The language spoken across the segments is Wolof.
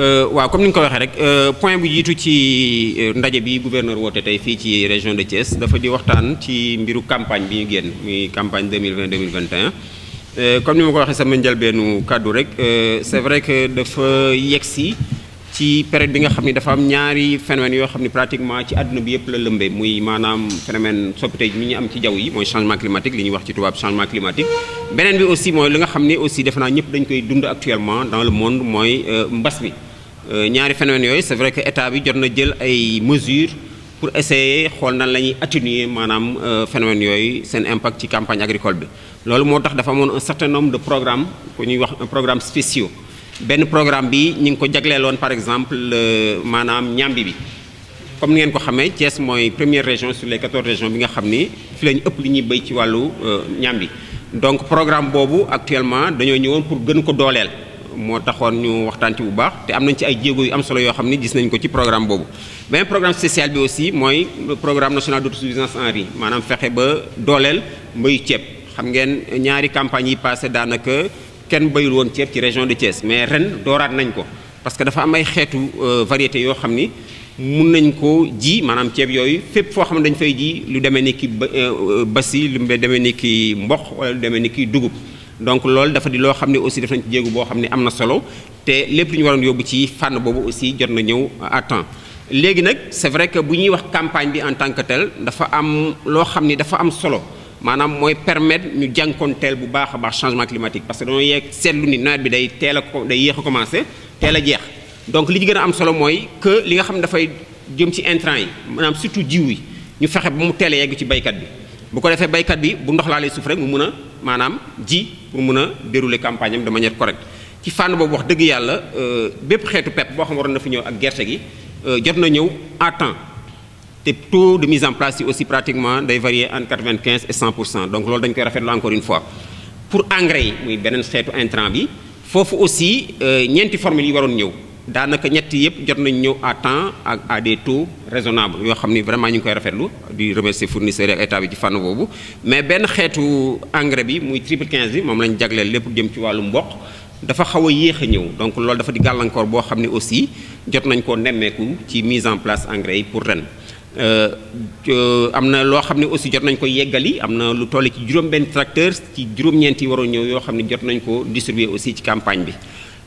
Euh, waaw comme ni nga ko waxee rek euh, point bu jiitu ci euh, ndaje bi gouverneur woote tey fii ci région de Thiès dafa di waxtaan ci mbiru campagne bi ñu génn muy campagne 2020 2021. comme ni ma ko waxee sama njëlbeenu kàddu rek c'est vrai que dafa yegsi ci période bi nga xam ni dafa ñaari phénomènes yoo xam ni pratiquement ci àdduna bi yëpp la lëmbee muy maanaam phénomène soppite mi ñu am ci jaww yi mooy changement climatique li ñuy wax ci tubaab changement climatique. beneen bi aussi mooy li nga xam ni aussi defe naa ñëpp dañ koy dund actuellement dans le monde mooy mbas mi. Euh, ñaari phénomènes yooyu c'est vrai que état bi jot na jël ay mesures pour essayer xool nan la ñuy atténuer maanaam euh, phénomènes yooyu seen impact ci campagne agricole bi loolu moo tax dafa amoon un certain nombre de programmes ku ñuy wax un programme spéciaux benn programme bi ñi ngi ko jagleeloon par exemple maanaam ñambi bi comme ni ngeen ko xamee Thiès mooy première région sur les quatorze régions bi nga xam ni fi la ñu ëpp li ñuy béy ci wàllu ñambi euh, donc programme boobu actuellement dañoo ñëwoon pour gën ko dooleel moo taxoon ñu waxtaan ci bu baax te am nañ ci ay jéego yu am solo yoo xam ni gis nañ ko ci programme boobu beneen programme spécial bi aussi mooy programme national d'autosuffisance en riz maanaam fexe ba dooleel mbayu ceeb xam ngeen ñaari campagne yi passé daanaka kenn bayul woon ceeb ci région de Thiès mais ren dooraat nañ ko parce que dafa am ay xeetu euh, variété yoo xam ni mun nañ ko ji maanaam ceeb yooyu fépp foo xam ne dañ fay ji lu demee ni ki euh, euh, basi lu demee ni ki mboq demee ni ki dugub donc loolu dafa di loo xam ne aussi def nañ ci jéegu boo xam ne am na solo te lépp lu ñu waroon yóbbu ci fànn boobu aussi jot na ñëw à temps léegi nag c'est vrai que bu ñuy wax campagne bi en tant que tel dafa am loo xam ni dafa am solo maanaam mooy permettre ñu jànkoonteel bu baax a baax changement climatique parce que dañoo yeeg seetlu ni nawet bi day teel a day yéex a commencé teel a jeex donc li ci gën a am solo mooy que li nga xam ne dafay jëm ci intrants yi maanaam surtout jiw yi ñu fexe ba mu teel yegg ci baykat bi bu ko defee baykat bi bu ndox laalee suuf rek mu mun a maanaam ji pour mun a dérouler campagne am de manière correcte ci fànn boobu wax dëgg yàlla euh, bépp xeetu pepp boo xam waroon na fi ñëw ak gerte gi euh, jot na ñëw à temps te tout de mise en place yi aussi pratiquement day varier entre quatre-vingt-quinze et cent pour cent donc loolu dañ koy rafetlu encore une fois pour engrais yi muy beneen xeetu intrant bi foofu aussi euh, ñeenti formule yi waroon ñëw daanaka ñetti yëpp jot nañ ñëw à temps ak à des taux yoo xam ni vraiment ñu ngi koy rafetlu di remercier fournisseurs ak état bi ci fànn boobu mais benn xeetu engrais bi muy triple 15 bi moom lañ jagleel lépp jëm ci wàllu mboq dafa xaw a yéex a ñëw donc loolu dafa di gàllankoor boo xam ne aussi jot nañ ko nemmeeku ci mise en place engrais yi pour ren euh, euh, am na loo xam ne aussi jot nañ ko yeggali am na lu toll ci juróom benn tracteur ci juróom-ñeent yi ñëw yoo xam ne jot nañ ko distribuer aussi ci campagne bi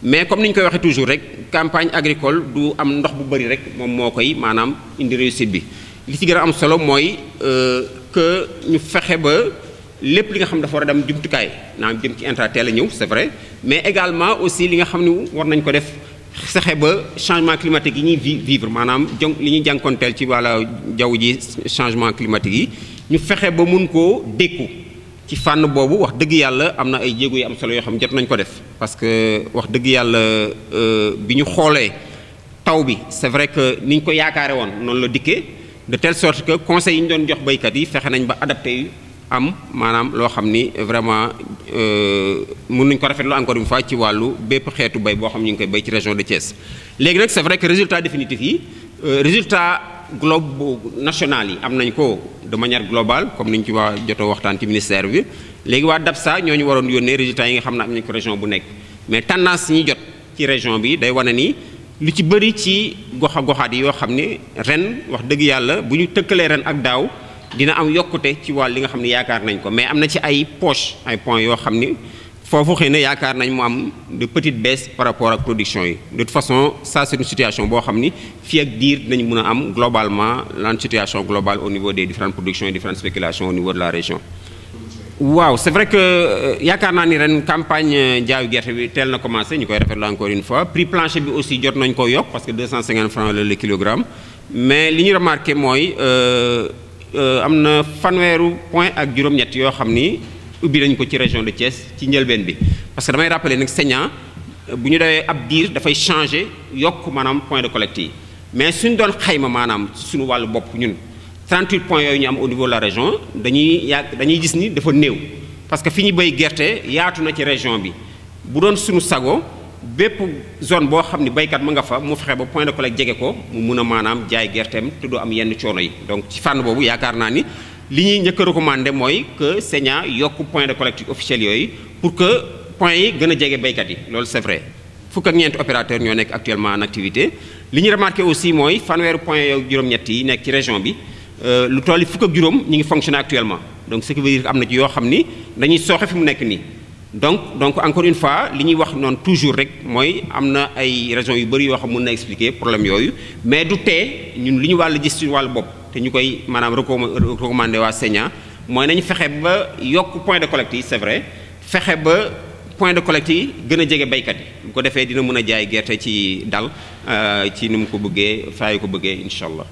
mais comme ni ñu koy waxee toujours rek campagne agricole du am ndox bu bëri rek moom moo koy maanaam indi réussite bi li ci gën a am solo mooy euh, que ñu fexe ba lépp li nga xam ne dafa war a dem jumtukaay naam jëm ci intraté la ñëw c'est vrai mais également aussi li nga xam ne war nañ ko def sexe ba changement climatique yi ñuy vivre maanaam jong li ñuy jànkonteel ci wàlla jaww ji changement climatique yi ñu fexe ba mun koo dékku ci fànn boobu wax dëgg yàlla am na ay jéego yu am solo yoo xam jot nañ ko def parce que wax dëgg yàlla euh, bi ñu xoolee taw bi c'est vrai que ni ñu ko yaakaare woon noonu la dikkee de telle sorte que conseils yi ñu doon jox baykat yi fexe nañ ba adapté yu am maanaam loo xam ni vraiment euh, mun nañ ko rafetlu encore une fois ci wàllu bépp xeetu bay boo xam ñu ngi koy bay ci région de Thiès léegi nag c'est vrai que résultat définitif yi euh, résultat globe national yi am nañ ko de manière globale comme ni ñu ci waa joto waxtaan ci ministère bi léegi waa DAPSA ñoo ñu waroon yónnee résultats yi nga xam ne am nañ ko région bu nekk mais tendance ñi jot ci région bi day wane nii lu ci bëri ci goxa a goxaat yi yoo xam ne ren wax dëgg yàlla bu ñu tëkkalee ren ak daaw dina am yokkute ci wàll li nga xam ne yaakaar nañ ko mais am na ci ay poche ay point yoo xam ni foofu xëy na yaakaar nañ mu am de petite baisse par rapport ak production yi de toute façon ça c'est situation boo xam ni fii ak diir dinañ mun a am globalement lan situation globale au niveau des différentes productions et différentes spéculations au niveau de la région. waaw c'est vrai que euh, yaakaar naa ni ren campagne euh, jaayu gerte bi teel na commencé ñu koy la encore une fois prix plancher bi aussi jot nañ ko yokk parce que 250 francs la le kilogramme mais li ñu remarqué mooy euh, am na fanweeru point ak juróom-ñett yoo xam ni. ubbi nañ ko ci région de Thiès ci njëlbeen bi parce que damay rappeler nag saignant bu ñu dawee ab diir dafay changer yokk maanaam point de collect yi mais suñ doon xayma maanaam suñu wàllu bopp ñun 38 point yooyu ñu am au niveau la région dañuy yàgg dañuy gis ni dafa néew parce que fi ñu béy gerte yaatu na ci région bi bu doon suñu sago bépp zone boo xam ne béykat mu nga fa mu fexe ba point de collecte jege ko mu mun a maanaam jaay gerteem te du am yenn coono yi li ñu njëkk a recommandé mooy que Sénat yokk point de collecte officiels yooyu pour que point yi gën a jege béykat yi loolu c'est vrai fukk ak ñeenti opérateur ñoo nekk actuellement activité li ñu remarqué aussi mooy fanweeru point yow juróom-ñett yi nekk ci région bi euh, lu toll fukk ak juróom ñu ngi fonctionner actuellement donc ce qui am na ci yoo xam ni dañuy sooxe fi mu nekk nii donc donc encore une fois li ñuy wax noonu toujours rek mooy am na ay raisons yu bëri yoo xam mën na expliquer problème yooyu mais du tee ñun li ñu wàll gis ci wàllu bopp te ñu koy maanaam recommandé waa Sénat mooy nañu fexe ba yokk point de collecte yi c'est vrai fexe ba point de collecte yi gën a jege baykat yi bu ko defee dina mën a jaay gerte ci dal euh, ci nu mu ko bëggee faayu ko bëggee incha allah.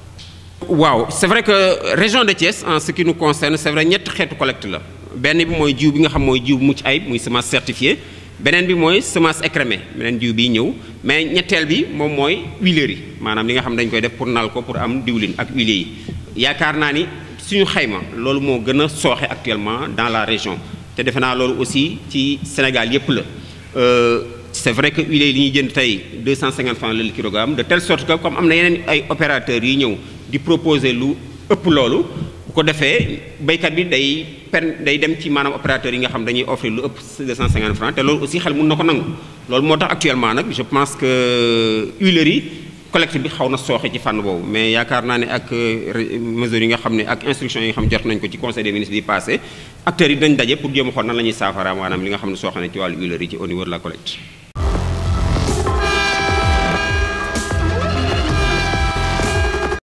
waaw c'est vrai que région de Thiès en ce qui nous concerne ñetti xeetu collecte la. benn bi mooy jiw bi nga xam mooy jiw bu mucc ayib muy semence certifiée beneen bi mooy semence écrémée beneen jiw bi ñëw mais ñetteel bi moom mooy huilerie yi maanaam li nga xam dañ koy def pour nal ko pour am diwlin ak huile yi yaakaar naa ni suñu xayma loolu moo gën a sooxe actuellement dans la région te defe naa loolu aussi ci Sénégal yépp la euh, c'est vrai que huile yi li ñuy jënd tey 250 francs le kilogramme de telle sorte que comme am na yeneen ay opérateurs yi ñëw di proposer lu ëpp loolu bu ko defee baykat bi day pen day dem ci maanaam opérateur yi nga xam dañuy offrir lu ëpp 250 te loolu aussi xel mun na ko nangu loolu moo tax actuellement nag je pense que huileries yi collecte bi xaw na sooxe ci fànn boobu mais yaakaar naa ne ak euh, mesures yi nga xam ne ak instructions yi nga xam jot nañ ko ci conseil des ministres bi passé acteurs yi dañ daje pour jéem a xool nan la ñuy maanaam li nga xam ne sooxe na ci wàllu huileries yi ci au